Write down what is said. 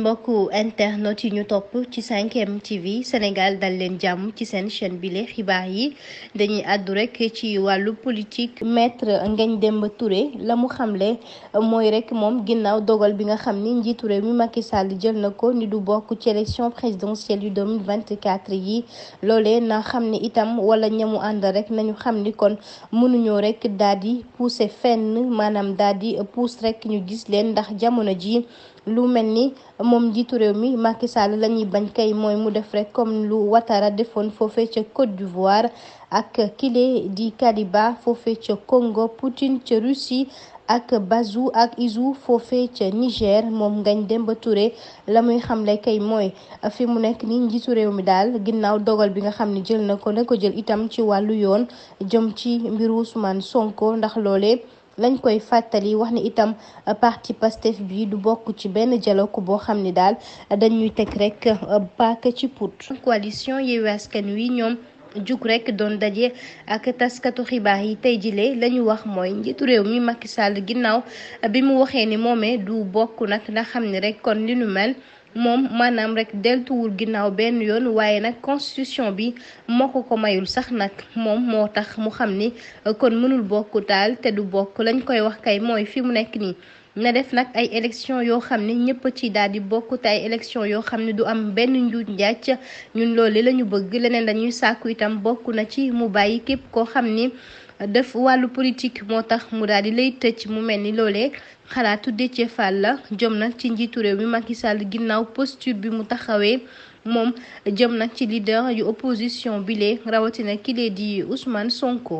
mbokku internet yi ñu topp ci 5M TV Sénégal dal leen jàmm ci seen chaîne bile xibaar yi dañuy àddu rek ci wàllu politique maître Ngagne Demba ture la mu xamle mooy rek moom ginnaaw dogal bi nga xam ni njiitu réew mi Macky Sall jël na ko ni du bokk ci élection présidentielle yu 2024 yi loolee na xam ni itam wala ñamu ànd rek nañu xam ni kon mënuñoo rek daal di pousser fenn maanaam daal di pousse rek ñu gis leen ndax jamono ji lu mel ni moom njiitu réew mi Macky Sall la ñuy bañ kay mooy mu def rek comme lu Ouattara defoon foofee ca Côte d'Ivoire ak kile di Kaliba foofee ca Congo Poutine ca Russie ak Bazou ak Izou foofee ca Niger moom Ngagne Demba ture la muy xamle kay mooy fi mu nekk ni njiitu réew mi daal ginnaaw dogal bi nga xam ne jël na ko na ko jël itam ci wàllu yoon jëm ci mbiru Ousmane Sonko ndax loolee lañ koy fàttali wax ne itam parti Pastef bii du bokk ci benn dialogue boo xam ne daal dañuy teg rek euh, paaka ci put coalition Yewwi Askan Wi ñoom jug rek doon daje ak taskatu xibaar yi tey jilee la wax mooy njiitu réew mi Macky sàll ginnaaw bi mu waxee ni moomee du bokk nag na xam ni rek kon li nu mel moom maanaam rek deltuwul ginnaaw benn yoon waaye nag constitution bi moo ko ko mayul sax nag moom moo tax mu xam ni euh, kon mënul bokk taal te du bokk lañ koy wax kay mooy fi mu nekk nii. na def nag ay élection yoo xam ne ñëpp ci daal di bokk te ay élection yoo xam ne du am benn njuuj njàcc ñun loolu la ñu bëgg leneen dañuy sàkku itam bokk na ci mu bàyyi képp koo xam ni. def wàllu politique moo tax mu daal di lay tëj mu mel ni loole xalaatu Déthié Fall la jëm nag ci njiitu réew mi Macky Sall ginnaaw posture bi mu taxawee moom jëm nag ci leader yu opposition bile rawatina kile di Ousmane Sonko.